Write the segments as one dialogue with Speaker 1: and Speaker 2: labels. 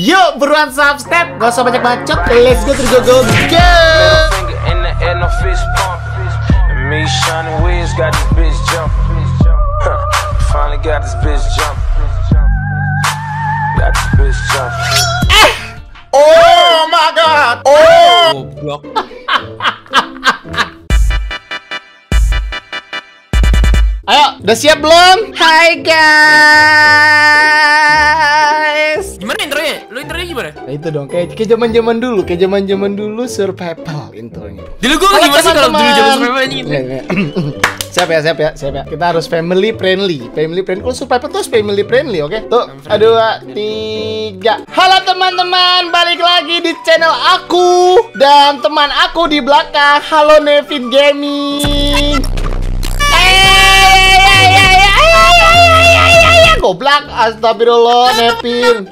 Speaker 1: Yuk beruan subscribe, gak usah banyak bacot. Let's go, go, go, go. Eh.
Speaker 2: Oh my god.
Speaker 1: Oh. Goblok. Ayo, udah siap belum? Hai
Speaker 2: guys. Gimana intronya? gimana
Speaker 1: gimana? Nah, itu dong kayak kayak zaman-zaman dulu, kayak zaman-zaman dulu survival intronya. Dulu gua Halo, gimana sih kalau dulu zaman survival ini? gitu? siap ya, siap ya, siap ya. Kita harus family friendly, family friendly. Kalau survival tuh harus family friendly, oke? Okay? Tuh, dua, tiga. Halo teman-teman, balik lagi di channel aku dan teman aku di belakang. Halo Nevin Gaming. goblak astagfirullah Nevin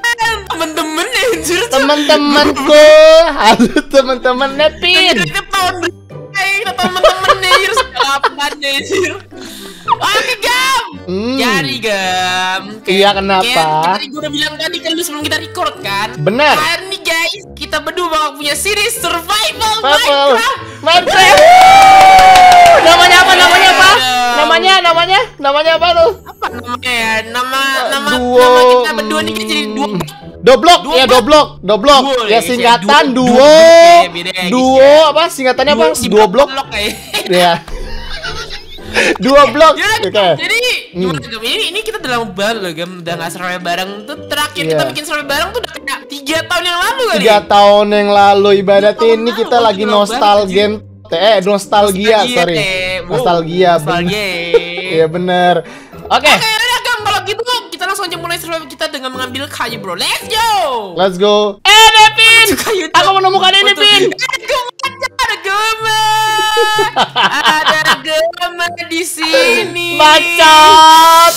Speaker 1: temen-temen anjir teman-temanku halo teman-teman netin tahun ya? teman-teman anjir kapan
Speaker 2: anjir Oke
Speaker 1: gam, hmm. jadi gam. iya kenapa? tadi
Speaker 2: gue udah bilang tadi kan lu sebelum kita record kan. Benar. hari nih guys, kita berdua bakal punya series survival Minecraft. Minecraft. namanya apa? Namanya apa? Iya. Namanya namanya namanya apa lu? Apa namanya? Nama nama, nama
Speaker 1: kita berdua nih jadi dua Doblok, ya doblok, doblok. ya, ya singkatan duo. Ya, ya, duo, apa singkatannya Bang? Dua eh. iya. blok. Ya.
Speaker 2: Dua blok. Oke. Jadi hmm. ini ini kita dalam lama banget loh udah nggak seru bareng tuh terakhir iya. kita bikin seru bareng tuh udah kayak tiga tahun yang lalu kali tiga
Speaker 1: tahun yang lalu ibaratnya ini kita lagi nostalgia eh nostalgia, nostalgia sorry nostalgia, nostalgia iya bener oke okay. oke
Speaker 2: okay, kalau gitu langsung aja mulai survival kita dengan mengambil kayu bro. Let's go.
Speaker 1: Let's go.
Speaker 2: Eh Devin, aku menemukan ini Devin. Eh, ada gemer, ada gemer di sini. Bacot.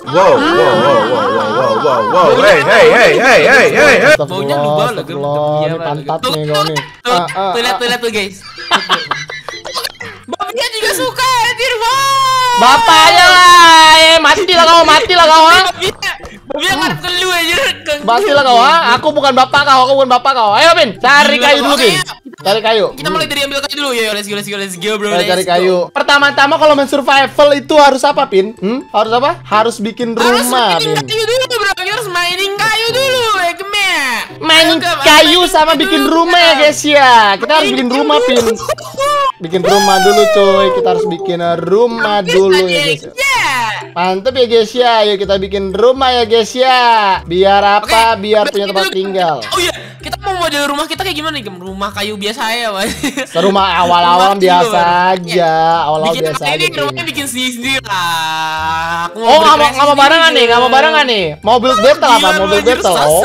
Speaker 2: Wow, wow, wow, wow, wow, wow, wow, hey, hey, hey, hey, hey, hey, hey. Baunya dua loh, gue pantat nih kau nih. Tuh, ah, ah, tuh lihat, tuh lihat tuh guys. Ah.
Speaker 1: Bapaknya lah, eh mati lah kau, mati lah kau. Ah.
Speaker 2: Mati lah kau, ah.
Speaker 1: Aku bukan bapak kau, aku bukan bapak kau. Ayo, Pin, cari kayu dulu, Pin.
Speaker 2: Cari kayu. Kita mulai dari ambil kayu dulu. ya. let's go, let's go, let's go, bro. Let's cari kayu.
Speaker 1: Pertama-tama kalau main survival itu harus apa, Pin? Hmm? Harus apa? Harus bikin rumah, Harus bikin
Speaker 2: kayu dulu, bro. Harus mining kayu dulu, Ekme. Eh, Mainin kayu sama bikin rumah
Speaker 1: ya guys ya. Kita harus bikin rumah pin. Bikin rumah dulu coy. Kita harus bikin rumah dulu ya, ya guys. Ya. Iya. Mantep ya guys ya. Ayo kita bikin rumah ya guys ya. Biar apa? Biar punya tempat tinggal. Oh iya,
Speaker 2: kita mau model rumah kita kayak gimana nih? Rumah kayu biasa ya, Mas. Rumah awal-awal biasa iya. aja. Awal-awal biasa aja. Ini rumahnya bikin sendiri-sendiri lah. Oh, nggak mau barengan nih, nggak mau barengan nih.
Speaker 1: Mau build battle apa? Iya, mau build battle. Oh.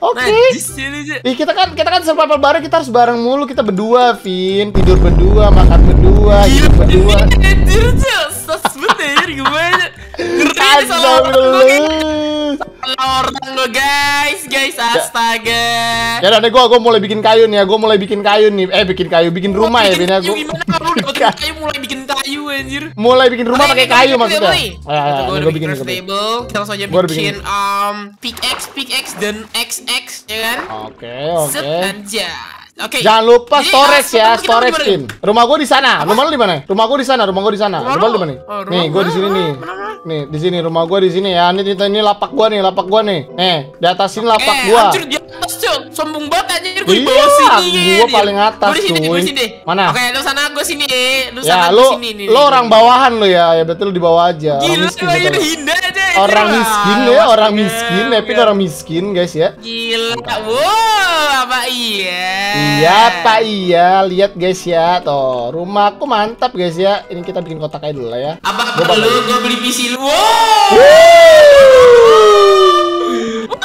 Speaker 1: Oke. Okay. Nah, Ih, kita kan kita kan survival bareng kita harus bareng mulu kita berdua, Vin. Tidur berdua, makan berdua, iya, hidup berdua. Iya,
Speaker 2: anjir, anjir, gimana? Ngeri salah orang guys, guys ya. astaga.
Speaker 1: Ya udah gue gue mulai bikin kayu nih ya, gue mulai bikin kayu nih. Eh bikin kayu, bikin oh, rumah ya, Bina. Gua gimana
Speaker 2: kayu mulai bikin kayu anjir. Mulai bikin rumah pakai kayu maksudnya. Ah, ya, ya gue ya, bikin stable. Kita langsung aja bikin um pickaxe, pickaxe dan XX ya kan? Oke, oke. aja. Oke. Okay. Jangan lupa storage Jadi, ya, storage tim.
Speaker 1: Rumah gue di sana. Rumah lu di mana? Rumah gue di sana, rumah gue di sana. Rumah lu di mana? Nih, oh, gue di sini nih. Nih, di sini rumah gua di sini ya. Ini ini lapak gua nih, lapak gua nih. Nih, di atas sini lapak eh, gua. Eh,
Speaker 2: di atas, cuy. Sombong banget anjir gua di iya, bawah sini. Gua iya, paling iya. atas, gua di sini, cuy. Di sini. Mana? Oke, lu sana gua sini. Lu ya, sana lu, sini nih. Lu orang
Speaker 1: bawahan lu ya. Ya berarti lu di bawah aja. Gila, orang miskin, lu hindar
Speaker 2: aja Iya. Ya, iya. orang miskin ya, orang
Speaker 1: miskin, tapi orang miskin guys ya.
Speaker 2: Gila, wow, apa iya? Iya,
Speaker 1: pak iya, lihat guys ya, toh rumahku mantap guys ya. Ini kita bikin kotak aja dulu lah ya. Apa
Speaker 2: perlu gue beli PC lu? Wow.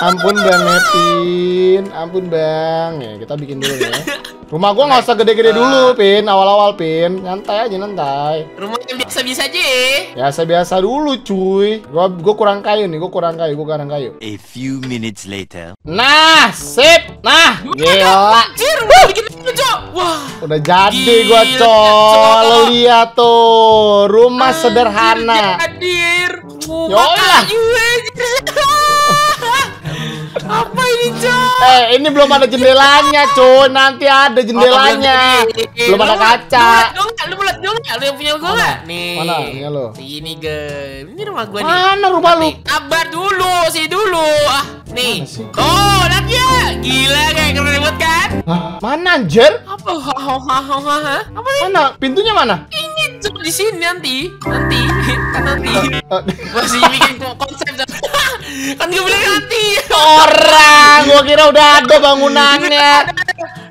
Speaker 1: Ampun bang Netin, ampun bang. Ya, kita bikin dulu ya. Rumah gua nggak usah gede-gede nah. dulu, Pin. Awal-awal, Pin. Nyantai aja, nyantai.
Speaker 2: Rumah yang biasa-biasa aja.
Speaker 1: Biasa-biasa dulu, cuy. Gua gua kurang kayu nih, gua kurang kayu, gua kurang kayu. A few minutes later. Nah, sip. Nah, gila.
Speaker 2: Anjir, udah bikin Wah.
Speaker 1: Udah jadi gua, Col. lihat tuh, rumah sederhana.
Speaker 2: Hadir. Yo lah. Apa ini, Cok?
Speaker 1: Eh, ini belum ada jendelanya, cuy. Nanti ada oh, jendelanya. belum ada kaca. Lu
Speaker 2: mulut dong, Lu yang punya gua enggak? Nih. Mana? Ini lo. Sini, ge. Ini rumah gua nih. Mana rumah lu? Kabar dulu, sih dulu. Ah, nih. Oh, lihat ya. Gila kayak keren banget kan?
Speaker 1: Mana anjir? Apa? Apa sih? Mana? Pintunya mana? Ini cuma
Speaker 2: di sini nanti. Nanti. Kan nanti. Eh, eh. Masih bikin konsep. kan gue bilang nanti orang. Gua
Speaker 1: kira udah ada bangunannya.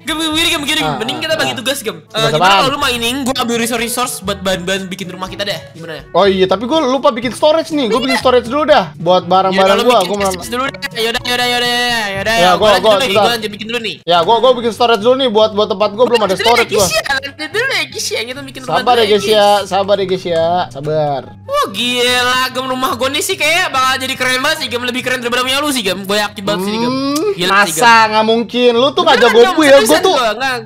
Speaker 2: Gem, gini, gem, gini, ah, mending kita ah, bagi ah. tugas, Gem. Uh, gimana kalau lu mainin, gua ambil resource-resource buat bahan-bahan bikin rumah kita deh. Gimana
Speaker 1: ya? Oh iya, tapi gua lupa bikin storage nih. Gua bikin storage dulu dah buat barang-barang gua. Gua mau
Speaker 2: dulu deh. Ya udah, ya udah, Ya, gua gua gua lanjut bikin dulu nih. Ya, gua gua
Speaker 1: bikin storage dulu nih buat buat tempat gua belum ada storage gua. Ya. Ya.
Speaker 2: Sabar ya guys Dulu ya.
Speaker 1: Sabar ya guys Sabar Sabar
Speaker 2: gila game rumah gue nih sih kayak bakal jadi keren banget sih game lebih keren daripada punya lu sih game gue yakin banget sih game hmm, gila masa sih,
Speaker 1: nggak mungkin lu tuh ngajak gue gue ya gue tuh nggak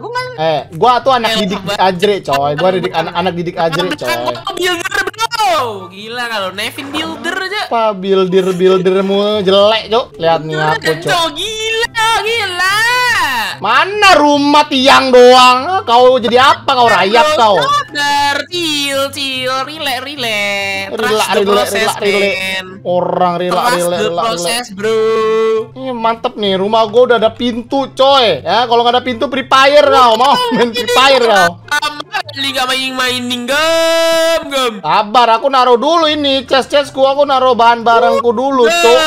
Speaker 1: eh gue tuh anak didik ajre coy gue didik anak anak didik ajre coy
Speaker 2: gila kalau Nevin builder aja apa builder buildermu
Speaker 1: jelek cok lihat nih aku cok gila gila Mana rumah tiang doang? Ah, kau jadi apa kau nah, rayap kau?
Speaker 2: Sadar, chill, chill, rile, rile. Rila, rila, rila, rile.
Speaker 1: Orang rila, rila, rila, proses, bro. Ini mantep nih, rumah gua udah ada pintu, coy. Ya, kalau nggak ada pintu Free Fire kau, mau main Free Fire kau.
Speaker 2: Liga main-mainin
Speaker 1: ninggam gem. Sabar, aku naruh dulu ini chest ku, aku naruh bahan barangku dulu, tuh.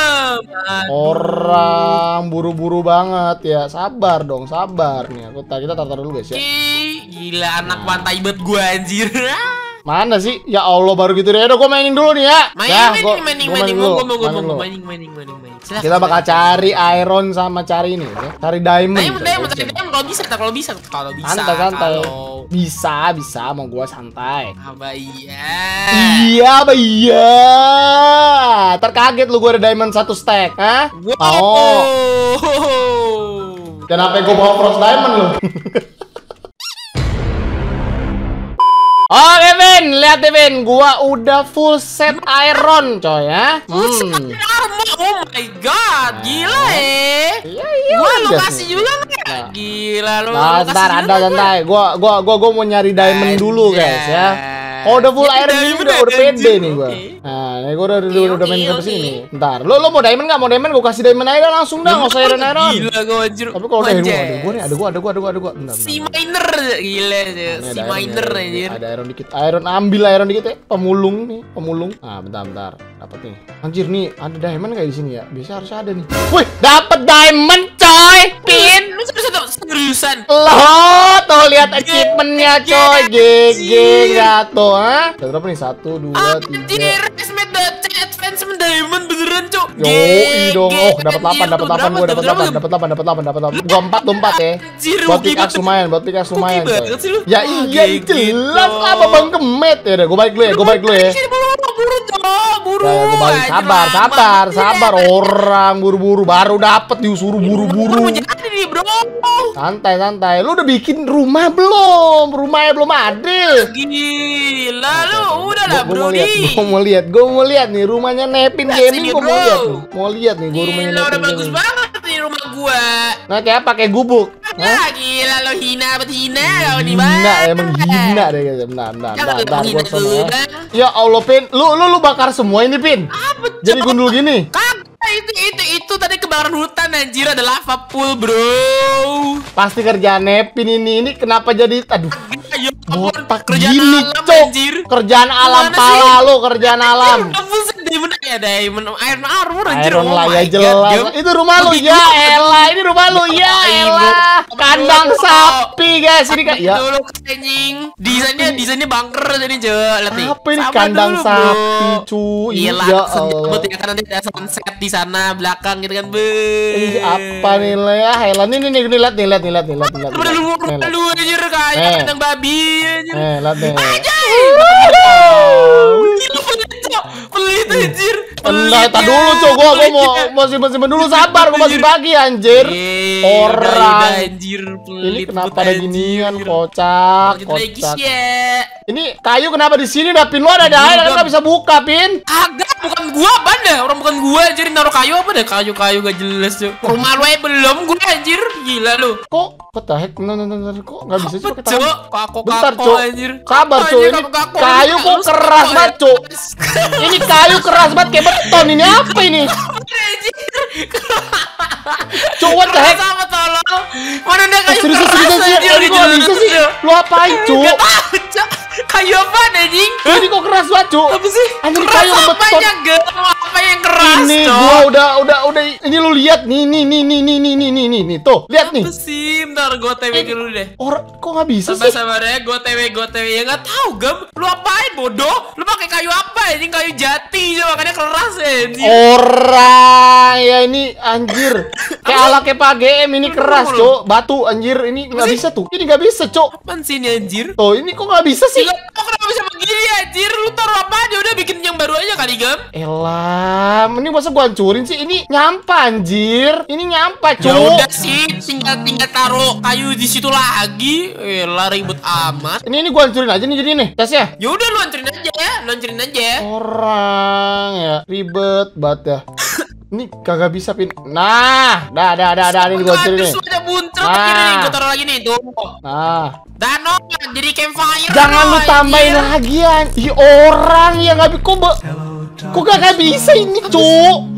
Speaker 1: Orang buru-buru banget ya, sabar dong dong, sabar nih. Aku kita tartar dulu guys ya.
Speaker 2: gila anak nah. pantai bet gua anjir.
Speaker 1: Mana sih? Ya Allah baru gitu deh. Aduh, gua mainin dulu nih ya. Mainin, nah, mainin, gua, mainin, gua mainin, mainin, gua,
Speaker 2: mainin, gua, kita bakal cari
Speaker 1: iron sama cari ini, ya. cari diamond. Diamond, cari diamond,
Speaker 2: cari diamond. Kalau bisa, kalau bisa, kalau bisa. Santai, santai. Kalau...
Speaker 1: Bisa, bisa. Mau gua santai. Apa ah, ya. iya? Iya, apa iya? Terkaget lu gua ada diamond satu stack, ah. Wow.
Speaker 2: Oh.
Speaker 1: Kenapa gue bawa Frost Diamond lo? Oke oh, Vin, lihat deh Vin, gua udah full set iron coy ya. hmm.
Speaker 2: oh my god, nah. gila eh. Iya
Speaker 1: iya. Gua iya. lokasi kasih
Speaker 2: juga nggak? Gila lu. Nah, ada
Speaker 1: santai. Gua, gua, gua, gua mau nyari diamond dulu guys ya. Oh udah full air ini udah udah pede nih gua. Nah, ini gua udah udah udah main ke sini. Ntar lo lo mau diamond nggak? Mau diamond gua kasih diamond aja langsung dah, mau usah iron Gila gua anjir. Tapi kalau ada gua ada gua nih, ada gua ada gua ada gua ada gua. Si
Speaker 2: miner gila nah, si miner anjir. Ada
Speaker 1: iron dikit. Iron ambil iron dikit ya. Pemulung nih, pemulung. Ah, bentar bentar. Dapat nih. Anjir nih, ada diamond kayak di sini ya? Biasa harus ada nih. Wih, dapat diamond coy. Pin. Lu satu seriusan. Loh, tuh lihat achievementnya coy. GG gato ha? berapa nih? satu dua tiga Anjir,
Speaker 2: advancement diamond beneran, cuk. Yo, dong. Oh, dapat 8, dapat 8 gua, dapat 8,
Speaker 1: dapat 8, dapat 8, dapat 8. Gua 4, 4 ya. Buat lumayan, buat lumayan. Ya ah, iya, iya jelas apa Bang Kemet. Ya udah, gua balik dulu ya, gua balik dulu ya, ya buru buru.
Speaker 2: Ya, buru sabar,
Speaker 1: sabar, sabar. Orang buru-buru baru dapat diusuru buru-buru bro. Santai, santai. Lu udah bikin rumah belum? Rumahnya belum ada.
Speaker 2: Gila
Speaker 1: lu, udah lah bro. Gue mau lihat, gue mau lihat, gue mau lihat nih rumahnya Nepin Kasih Gaming. Gue mau lihat, mau lihat nih gue rumahnya Nepin. Udah bagus banget nih rumah gua. Nah, kayak kayak gubuk.
Speaker 2: Nah, gila lo hina bet hina Hina
Speaker 1: emang hina deh Nah, Nah, nah, nah, nah, gua sama. Ya. Ya. ya Allah, Pin. Lu lu lu bakar semua ini, Pin. Apa, Jadi gundul gini. Kak Nah,
Speaker 2: itu itu itu tadi kebakaran hutan anjir ada lava
Speaker 1: pool bro pasti kerjaan Nepin ini ini kenapa jadi aduh botak kerjaan gini, alam, cok. kerjaan alam pala lo kerjaan alam
Speaker 2: Diamond ya Diamond Iron Armor anjir. Iron lah oh ya jelas. Itu rumah lu ya Ella ya. ini rumah lu ya Ella Kandang sapi guys ini kan. Ya. Dulu kucing Desainnya desainnya bangker jadi je lihat nih. Apa ini kandang sapi cu. Iya lah senjabut ya kan nanti ada sunset
Speaker 1: di sana belakang gitu kan. Be. apa nih ya ah, Ella ini nih nih lihat nih lihat nih lihat nih lihat. nih lu lu anjir kayak eh. kandang babi anjir. Eh lihat nih. Please, Edir. Enggak, tak iya, dulu cok, gua gua mau masih iya. masih dulu iya, sabar, gua masih pagi anjir. Orang anjir Ini kenapa ada ginian kocak, kocak. Ini kayu kenapa di
Speaker 2: sini dah pin lu ada ada kan bisa buka pin? Kagak, bukan gua banda, orang bukan gua jadi naruh kayu apa dah kayu-kayu gak jelas cok Rumah lu belum gua anjir, gila lu. Kok
Speaker 1: Kata hek, heck? No no kok nggak bisa sih pakai tangan. Bentar, cok. Sabar, cok. Ini kayu kok keras banget, cok. Ini kayu keras banget kayak Tahun ini apa ini? Cuk, what
Speaker 2: tolong. Mana dia kayak. Lu apain, Cuk kayu apa anjing? Eh, Ini kok keras banget, Cuk? Apa sih? Anjing kayu beton. Apa
Speaker 1: yang keras, Ini cok? gua udah udah udah ini lu lihat nih nih nih nih nih nih nih nih nih tuh, lihat nih. Apa sih?
Speaker 2: Bentar gua TW eh, dulu deh. Orang kok nggak bisa Sampai sih? Sabar ya, gua TW gua TW ya nggak tahu, Gem. Lu apain bodoh? Lu pakai kayu apa ini? Kayu jati aja makanya keras anjing. Orang
Speaker 1: ya ini anjir. Kayak ala kayak Pak GM ini keras, cok Batu anjir ini nggak bisa tuh. Ini nggak bisa, cok. Apaan sih ini anjir? Tuh, ini kok nggak bisa sih? Kok kenapa bisa begini
Speaker 2: anjir? Lu taruh apa
Speaker 1: aja udah bikin yang baru aja kali, Gam? Elam, ini masa gua hancurin sih? Ini nyampa anjir. Ini nyampa, cuy. Ya udah sih,
Speaker 2: tinggal tinggal taruh kayu di situ lagi. Elah ribet amat. Ini ini gua hancurin aja nih jadi nih. ya? Ya udah lu hancurin aja ya. Lu
Speaker 1: hancurin aja. Ya. Orang ya ribet banget ya. Ini kagak bisa pin. Nah, dah dah dah dah ini gua cari nih. Sudah
Speaker 2: muncul nah. nih, gua taruh lagi nih tuh. Nah. Dano jadi campfire. Jangan lu tambahin ya.
Speaker 1: lagi ya. orang yang nggak bisa kok. Kok gak bisa ini, cuk?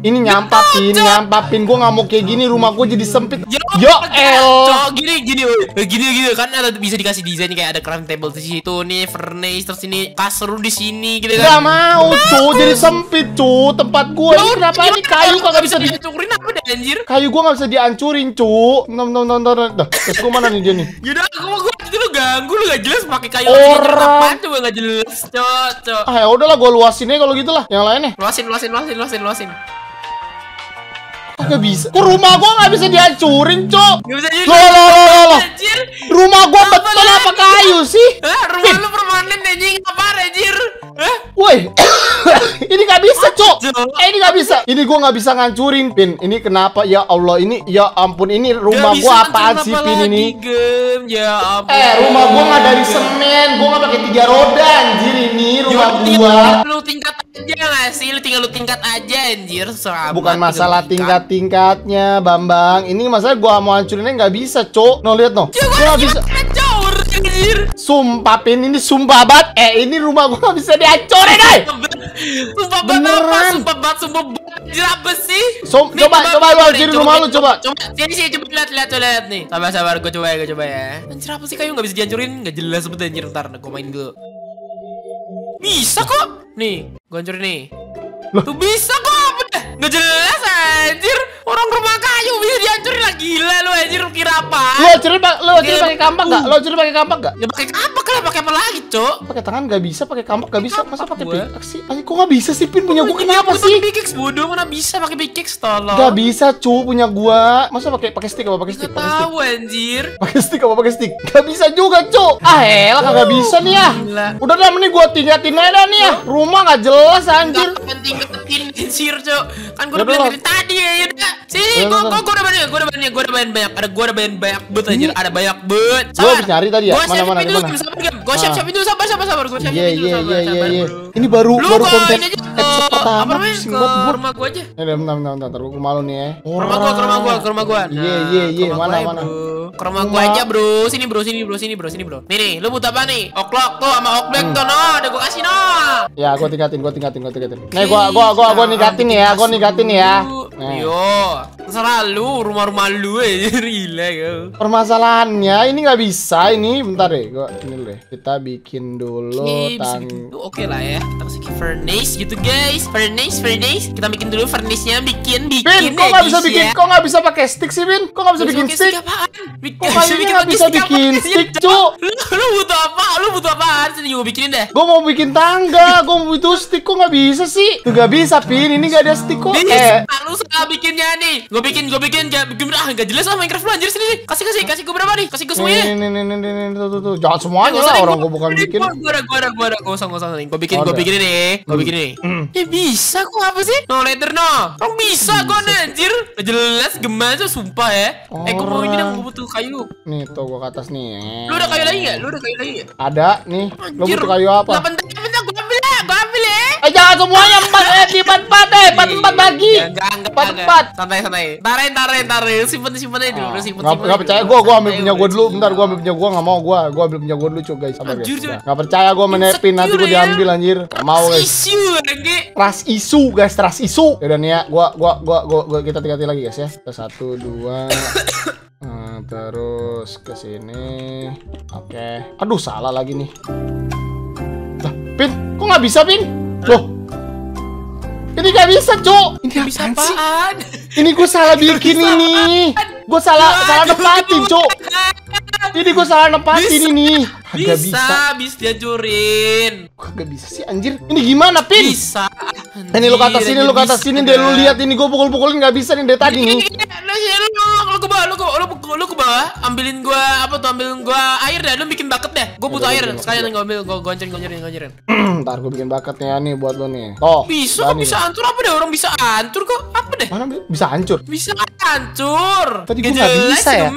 Speaker 1: Ini nyampapin, Betul, nyampapin. Gue nggak mau kayak gini, rumah gua jadi sempit. Yo, Yo el. Cok,
Speaker 2: gini, gini, eh, gini, gini. Kan ada bisa dikasih desain kayak ada crafting table di situ nih, furnace terus ini kasur di sini, gitu kan? Gak mau, cu,
Speaker 1: jadi sempit, tuh Tempat gue ini kenapa ini kayu gak bisa dihancurin apa deh, anjir? Kayu gua nggak bisa dihancurin, cuk. Nom, nom, nom, nom, Dah. Terus gua mana nih dia nih? Yaudah, mau
Speaker 2: gue itu lu ganggu, lu gak jelas pakai kayu. Orang. Coba gak jelas, cok, cok. Ah, ya udahlah, gua luasin aja kalau gitu lah. Yang lainnya. Luasin, luasin, luasin, luasin, luasin. Gak bisa. Kok rumah gua gak bisa dihancurin, Cok? Gak bisa dihancurin. Loh, loh,
Speaker 1: loh, loh. Rumah gua betul apa kayu sih? Hah, rumah lu permanen anjing apa, anjir? Hah? Woi. ini gak bisa, Cok. Eh, ini gak bisa. Ini gua gak bisa ngancurin, Pin. Ini kenapa? Ya Allah, ini ya ampun ini rumah gua apaan sih, Pin ini? Gem.
Speaker 2: Ya eh, ampun. Eh, rumah gua gak dari semen.
Speaker 1: Gua gak pakai tiga roda anjir
Speaker 2: ini rumah gua. Lu tingkat aja ya gak sih? Lu tinggal lu tingkat aja anjir Serabat Bukan masalah
Speaker 1: tingkat-tingkatnya Bambang Ini masalah gua mau hancurinnya gak bisa cok No liat no ya, Gua gak bisa hancur anjir Sumpah pin ini sumpah bat Eh ini
Speaker 2: rumah gua gak bisa dihancurin ay Sumpah eh. bat apa? Sumpah bat sumpah bat Anjir apa sih? So, nih, coba, coba, coba lu hancurin rumah lu coba sini sih, coba lihat lihat lihat nih Sabar sabar gua coba ya gua coba ya Anjir apa sih kayu gak bisa dihancurin Gak jelas betul anjir ntar gua main dulu bisa kok. Nih, gue hancurin nih. Loh. Tuh bisa kok. Nggak jelas anjir. Orang rumah kayu bisa dihancurin lah gila lu anjir kira apa? Lu hancurin lu hancurin pakai kampak enggak? Lu hancurin pakai kampak enggak? Ya
Speaker 1: pakai kampak lah, pakai apa lagi, Cok? Pakai tangan enggak bisa, pakai kampak enggak bisa. Masa pakai pickaxe sih? Ayo kok enggak bisa sih pin punya gua kenapa sih? Pakai pickaxe bodoh, mana bisa pakai pickaxe tolong. Enggak bisa, cu punya gua. Masa pakai pakai stick apa pakai stick? Gak tau Tahu anjir. Pakai stick apa pakai stick? Enggak bisa juga, cok? Ah, elah kagak bisa nih ya. Udah dah mending gua tinggatin aja nih ya. Rumah enggak jelas anjir.
Speaker 2: Penting ketekin anjir, cok Kan gue udah bilang dari tadi ya, ya udah. Sini gue gue gue udah banyak gue udah banyak gue udah banyak banyak. Ada gue udah banyak banyak but aja. Ada banyak bet. Gue habis nyari tadi ya. Gue siap siapin dulu sabar Gue ah. siap siapin dulu sabar sabar sabar. Gue siap siapin iya,
Speaker 1: dulu iya, sabar iya, sabar. Ini baru baru konten
Speaker 2: apa namanya Ke rumah gue
Speaker 1: aja. Eh bentar bentar bentar. Gue malu nih ya. Rumah gue ke rumah gue ke rumah gue. Iya iya nah, iya mana mana.
Speaker 2: Ke rumah gue aja bro. Sini bro sini bro sini bro sini bro. Nih nih lu buta apa nih? Oklok tuh sama oklek hmm. tuh no. Udah gue kasih no.
Speaker 1: Ya gue tingkatin gue tingkatin gue tingkatin. Eh, nih gue gue gue gue ningkatin ya. Gue ganti nih ya. Nih. Yo.
Speaker 2: Iya selalu rumah-rumah lu ya, gila
Speaker 1: permasalahannya ini nggak bisa ini bentar deh gua ini deh kita bikin dulu okay, tang
Speaker 2: oke okay lah ya kita masukin furnace gitu guys furnace furnace kita bikin dulu furnace nya bikin bikin Bin, kok nggak bisa ya. bikin kok
Speaker 1: nggak bisa pakai stick sih Bin kok nggak bisa bikin stick apaan?
Speaker 2: kok bikin nggak bisa bikin
Speaker 1: stick cuk lu, butuh apa lu butuh apaan sini, gua bikinin deh gua mau bikin tangga gua mau butuh stick kok nggak bisa sih tuh nggak bisa Pin ini nggak ada stick kok eh
Speaker 2: lu suka bikinnya nih Gue bikin, gue bikin gak gue gak jelas lah Minecraft lu anjir sini nih Kasih kasih kasih gue berapa nih? Kasih gue semuanya. Nih
Speaker 1: nih nih nih nih tuh tuh Jangan semuanya lah orang gue bukan bikin. Gue
Speaker 2: ada gue ada gue ada gue usah usah Gue bikin gue bikin ini. Gue bikin ini. Ya bisa kok apa sih? No letter no. Kok bisa kok anjir? Jelas gemas sumpah ya. Eh gue mau ini dong gue butuh kayu.
Speaker 1: Nih tuh gue ke atas nih. Lu udah kayu lagi nggak? Lu udah kayu lagi nggak? Ada nih. Lu butuh kayu apa?
Speaker 2: jangan semuanya empat eh di empat empat eh empat iya, empat bagi iya, iya, empat empat santai santai tarain tarain tarain simpen simpen aja dulu oh. simpen simpen nggak percaya gue
Speaker 1: gue ambil punya gue dulu bentar gue ambil punya gue nggak mau gue gue ambil punya gue dulu coba guys sabar ah, guys nggak percaya gue menepin nanti gue diambil anjir nggak mau guys isu lagi. Ras isu guys Ras isu udah nih ya gue gue gue gue kita tiga lagi guys ya satu dua eh, terus ke sini. Oke. Aduh, salah lagi nih. Pin, kok nggak bisa, Pin? Loh, ini gak bisa, cok Ini gak bisa apaan? Ini gue salah bikin ini. Gue salah salah nempatin, cok ini gue salah nempatin ini. Bisa, bisa,
Speaker 2: bisa dihancurin. Kagak bisa sih anjir.
Speaker 1: Ini gimana, Pin? Bisa.
Speaker 2: Anjir, ini lo kata sini, lo kata sini deh lu lihat
Speaker 1: ini gue pukul-pukulin nggak bisa nih dari tadi nih. Iya, iya,
Speaker 2: iya. Lu lo, bawah, ke lu lu ke bawah, ambilin gue apa tuh ambilin gue air deh, lu bikin bucket deh. gue butuh air, sekalian gue ambil, gua goncerin goncerin goncerin.
Speaker 1: Hmm, ntar gue bikin bucketnya nih buat lu nih. Oh. Bisa kok bisa hancur
Speaker 2: apa deh orang bisa hancur kok. Apa deh? Mana bisa hancur? Bisa hancur. Tadi gua nggak bisa ya.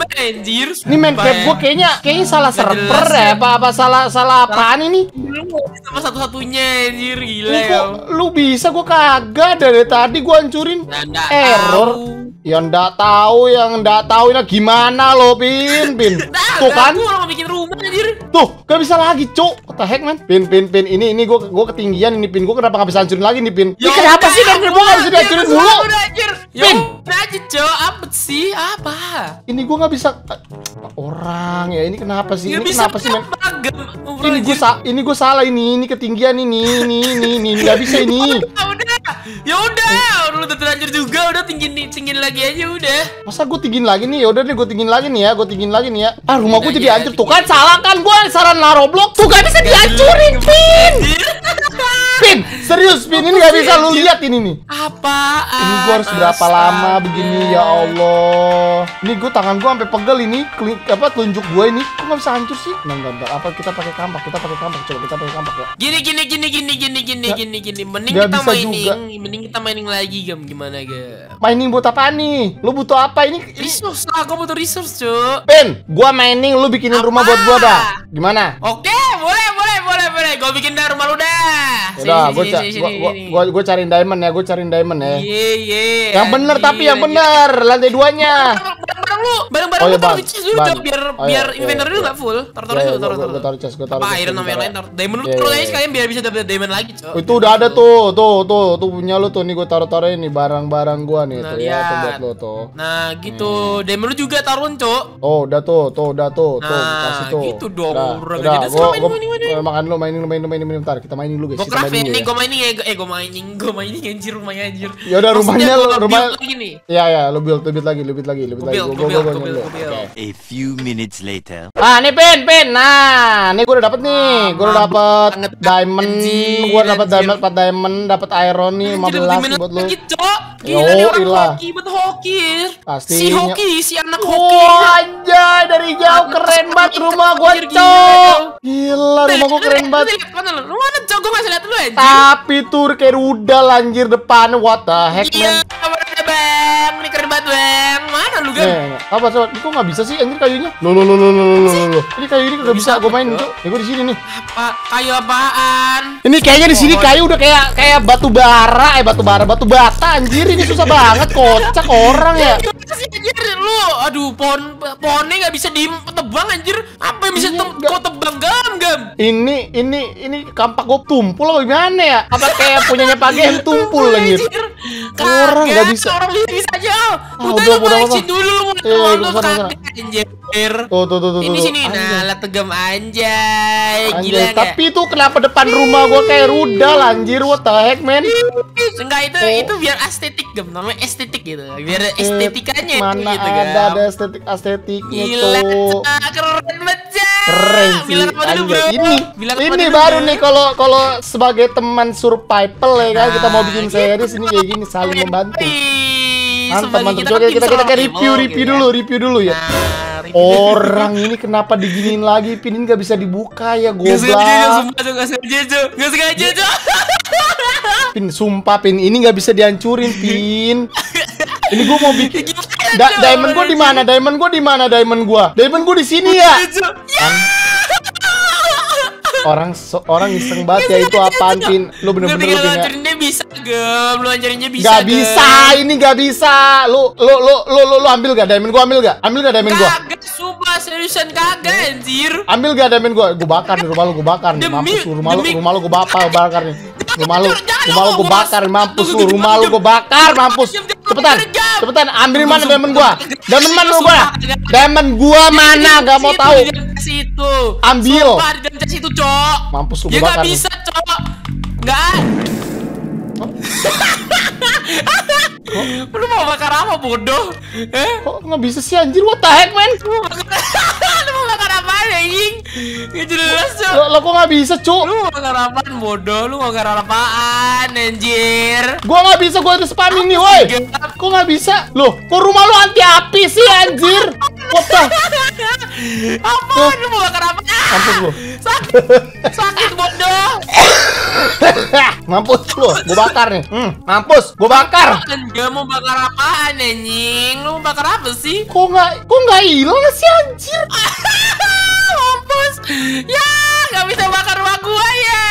Speaker 2: Ini main cap gua kayaknya kayaknya salah Gak server ya, ya. Apa apa salah salah apaan ini? Sama satu-satunya anjir gila ya.
Speaker 1: Lu bisa gua kagak dari tadi gua hancurin. Nah, error. Tahu. Yang ndak tahu, yang ndak tahu ini gimana lo, Pin, Pin. Tuh kan? Gua
Speaker 2: bikin rumah anjir.
Speaker 1: Tuh, gak bisa lagi, Cuk. What the heck man? Pin pin pin ini ini gue gue ketinggian ini pin gue kenapa nggak bisa hancurin lagi nih pin? Ya ini kenapa sih kan gue nggak bisa iya, hancurin dulu? Pin. Aja cowok apa sih apa? Ini gue nggak bisa eh, orang ya ini kenapa sih? Ya, ini kenapa sih men? Ini gue sa ini gue salah ini ini
Speaker 2: ketinggian ini ini ini ini nggak bisa ini. Ya udah, udah terlanjur juga, udah tinggin tinggin lagi aja udah.
Speaker 1: Masa gue tinggin lagi nih? Ya udah deh gue tinggin lagi nih ya, gue tinggin lagi nih ya. Ah rumah gue jadi iya, hancur iya. tuh kan salah kan gue saran blok. tuh kan bisa dihancurin pin pin serius pin ini gak bisa lu lihat ini nih apa ini gua harus berapa lama begini ya Allah ini gua tangan gua sampai pegel ini klik apa telunjuk gua ini kok gak bisa hancur sih nggak bentar apa kita pakai kampak kita pakai kampak coba kita pakai kampak ya
Speaker 2: gini gini gini gini gini gini gini gini mending kita mining juga. mending kita mining lagi gam gimana gam
Speaker 1: mining buat apa nih lu butuh apa ini resource lah gua butuh resource cuy pin gua mining lu bikinin apa? rumah buat gua dah gimana
Speaker 2: oke boleh boleh boleh gue bikin dah rumah lu dah ya udah gue
Speaker 1: gue gue cariin diamond ya gue cariin diamond ya iya
Speaker 2: yeah, iya yeah,
Speaker 1: yang bener tapi iya, yang iya. bener lantai duanya
Speaker 2: bener, lu Barang-barang oh, lu iya, taruh di chest dulu, coba biar oh, iya, biar iya, inventory lu enggak full. Taruh taruh dulu, taruh taruh. Taruh chest, gua taruh. Apa iron namanya lain taruh. Diamond lu taruh aja sekalian biar bisa dapat diamond lagi,
Speaker 1: Cok. Itu udah ada tuh, tuh, tuh, tuh punya lu tuh nih gua taruh-taruh ini barang-barang gua nih nah, tuh ya, tuh buat lu tuh.
Speaker 2: Nah, gitu. Hmm. Diamond lu juga taruhin, Cok.
Speaker 1: Oh, udah tuh, tuh, udah tuh, tuh, nah, kasih tuh. gitu dong. Udah, gua eh, makan mainin mainin lu mainin lu mainin bentar. Kita mainin dulu, guys. Gua mainin. nih, eh, gua
Speaker 2: mainin ya, eh gua mainin, gua mainin anjir rumahnya anjir. Ya udah rumahnya lu rumah
Speaker 1: Iya, ya, lu build, build lagi, lu build lagi, lu build lagi build, gua build, gua
Speaker 2: build. A
Speaker 1: few minutes later. Ah, nih pin, pin. Nah, nih gue udah dapet nih. Gue udah dapet diamond. Gue udah dapet diamond, 4 diamond, dapet iron nih 15 buat lu. Gila nih orang hoki,
Speaker 2: buat hoki. Pasti. Si hoki, si anak hoki. Wah, anjay dari jauh keren banget rumah gua, cok. Gila, rumah gua keren banget. Lu mana cok? Gua masih liat lu aja. Tapi
Speaker 1: tur kayak rudal anjir depan. What the heck, man. Iya, bang, ini keren banget bang. Mana lu gan? Eh, apa coba? Kok nggak bisa sih? Anjir kayunya? Lo lo lo lo lo lo lo. Ini kayu ini nggak bisa, gue main tuh. Ya gue di sini nih. Apa? Kayu apaan? Ini kayaknya di sini oh, kayu udah kayak kayak batu bara, eh batu bara, batu bata. Anjir ini susah banget, kocak orang ya. Iya,
Speaker 2: iya anjir lu, aduh pohon pohonnya nggak bisa
Speaker 1: ditebang anjir. Apa yang bisa iya, kau tebang gam gam? Ini ini ini kampak gue tumpul loh gimana ya? Apa kayak punyanya pagi yang tumpul anjir? Orang nggak bisa orang
Speaker 2: bisa aja. Udah lu izin dulu lu iya, iya, lu anjir. Tuh
Speaker 1: tuh tuh tuh. Ini sini nah
Speaker 2: lah tegem anjay. Gila Tapi
Speaker 1: itu kenapa depan rumah gua kayak rudal anjir what the heck man?
Speaker 2: Enggak itu oh. itu biar estetik gem namanya estetik gitu. Biar eh, estetikanya gitu Mana ada ada
Speaker 1: estetik estetiknya tuh. Gila keren
Speaker 2: banget. Keren ah, sih. Bilang Ini, Bilang ini baru
Speaker 1: nih kalau kalau sebagai teman survival ya kan kita mau ah, bikin gitu. series ini kayak gini saling membantu. Mantap, mantap. Kita, Coba kita kita kayak review ya. review dulu, review dulu ya. Nah, Orang ini kenapa diginin lagi? pin ini gak bisa dibuka ya, gue sengaja, gak Pin, sumpah, Pin. Ini gak bisa dihancurin, Pin. Ini gue mau bikin da diamond gua di mana? Diamond gua di mana? Diamond gua. Diamond gua di
Speaker 2: sini ya. ya.
Speaker 1: Orang so orang iseng banget ya iya, itu apaan pin? Lu bener-bener lu
Speaker 2: bisa gem lu bisa gak bisa ini
Speaker 1: gak bisa lu lu lu lu lu, lu ambil gak diamond gua ambil gak ambil gak diamond gua
Speaker 2: kagak sumpah seriusan kagak anjir
Speaker 1: ambil gak diamond gua gua bakar di rumah lu gua bakar nih mampus rumah lu rumah lu gua bakar bakar nih rumah lu rumah lu gue bakar mampus lu rumah lu gue bakar mampus cepetan cepetan ambil mana diamond gua diamond mana gua diamond gua mana gak mau tahu situ ambil
Speaker 2: situ cok mampus lu bakar gak bisa cok gak
Speaker 1: Lu mau bakar apa bodoh? Eh? Kok nggak bisa sih anjir? What the heck man? Lu mau
Speaker 2: bakar, apa ya ying? apa jelas cuk. Lo,
Speaker 1: kok nggak bisa cok? Lu mau bakar apaan bodoh? Lu mau bakar apaan anjir? Gua nggak bisa, gua harus spam ini woi. Kok nggak bisa? Loh, kok rumah lu anti api sih anjir? What the?
Speaker 2: Apaan? Lu mau bakar apa? Ampun gua. Sakit.
Speaker 1: Sakit bodoh. mampus lu, gua bakar nih. Hmm, mampus, gua bakar.
Speaker 2: Enggak kan mau bakar apaan, anjing? Lu mau bakar apa sih? Kok nggak kok nggak hilang sih anjir? mampus. Ya, nggak bisa bakar rumah gua ya.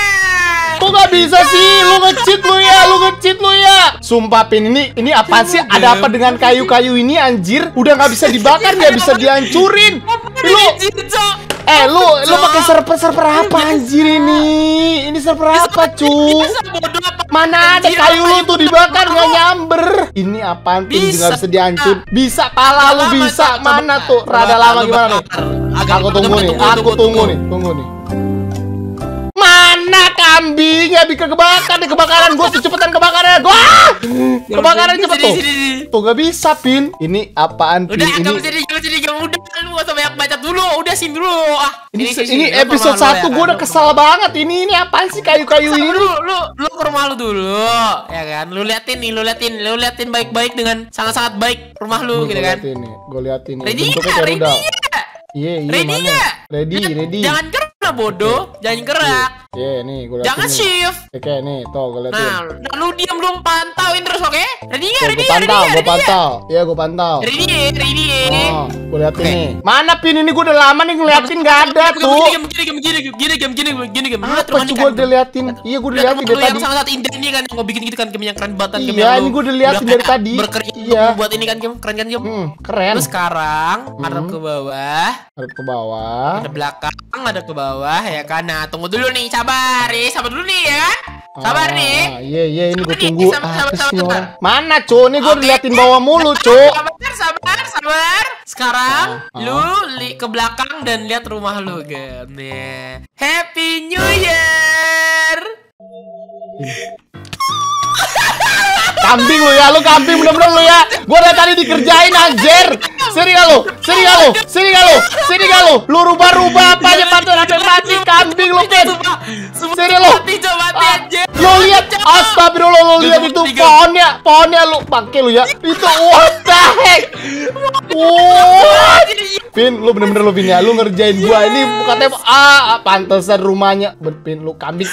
Speaker 2: Kok nggak bisa ya. sih? Lu ngecit lu ya, lu
Speaker 1: ngecit lu ya. Sumpah pin ini ini apa sih? Ada apa dengan kayu-kayu ini anjir? Udah nggak bisa dibakar, nggak bisa dihancurin. Lu Eh lu lu pakai server server iya, apa anjir ini? Ini iya, server apa, cu? Mana ada iya, kayu lu tuh dibakar nggak nyamber? Ini apaan tuh nggak bisa dihancur? Bisa pala lu bisa mana tuh? Rada lama gimana nih? Aku tunggu nih, aku tunggu nih, tunggu nih. Mana kambingnya bikin kebakaran nih kebakaran gue secepetan kebakarannya gue kebakaran ya cepet tuh tuh gak bisa pin ini apaan pin ini
Speaker 2: gak usah banyak baca dulu, udah sini dulu. Ah, ini ini, ini episode satu ya. gue udah
Speaker 1: kesal banget. Ini ini apa sih kayu-kayu
Speaker 2: ini? Lu lu lu ke rumah lu dulu, ya kan? Lu liatin nih, lu liatin, lu liatin baik-baik dengan sangat-sangat baik rumah lu gitu kan.
Speaker 1: ini Gue liatin nih, Ready Ready ya Iya, iya, ready ya Ready, ready. Jangan
Speaker 2: gerak bodoh, jangan gerak. Iya.
Speaker 1: Oke, nih gue Jangan nih. shift. Oke, nih tuh gue liatin.
Speaker 2: Nah, lu diam dong pantauin terus, oke? Ready ya, ready ya, pantau, gue pantau.
Speaker 1: Iya, gue pantau. Ready
Speaker 2: ya, ready ya. Oh,
Speaker 1: gue liatin ini. nih. Mana pin ini gue udah lama nih ngeliatin enggak ada tuh. Gini, gini, gini,
Speaker 2: gini, gini, gini, gini, gini. Apa sih gue udah liatin? Iya, gue udah liatin dari tadi. Yang sangat indah ini kan, gue bikin gitu kan, game yang keren banget kan. Iya, ini gue udah liatin dari tadi. Berkerja iya. buat ini kan, game keren kan, game. Keren. Terus sekarang, arah ke bawah. Arah ke bawah. Ada belakang, ada ke bawah ya kan. Nah, tunggu dulu nih, sabar nih, eh, sabar dulu nih ya kan?
Speaker 1: Sabar ah, nih. Iya iya ini gue tunggu. Sabar, sabar, sabar, sabar. Mana, Cu? Ini gue okay. liatin bawah mulu, Cu. Sabar,
Speaker 2: sabar, sabar. Sekarang ah, ah. lu li ke belakang dan lihat rumah lu, Gen. Yeah. Hep Kambing lu ya, lu kambing bener-bener
Speaker 1: lu ya. Gua udah tadi dikerjain anjir. Sini gak lu? Sini gak lu? Sini gak lu? Sini gak lu? Lu rubah-rubah apa aja pantun sampe mati kambing lu, kan Sini lu. Ah, lu liat astagfirullah lu liat itu pohonnya, pohonnya lu bangke lu ya. Itu what the heck? Pin, lu bener-bener lu Pin ya, lu ngerjain gua ini katanya ah pantesan rumahnya. Pin, lu kambing.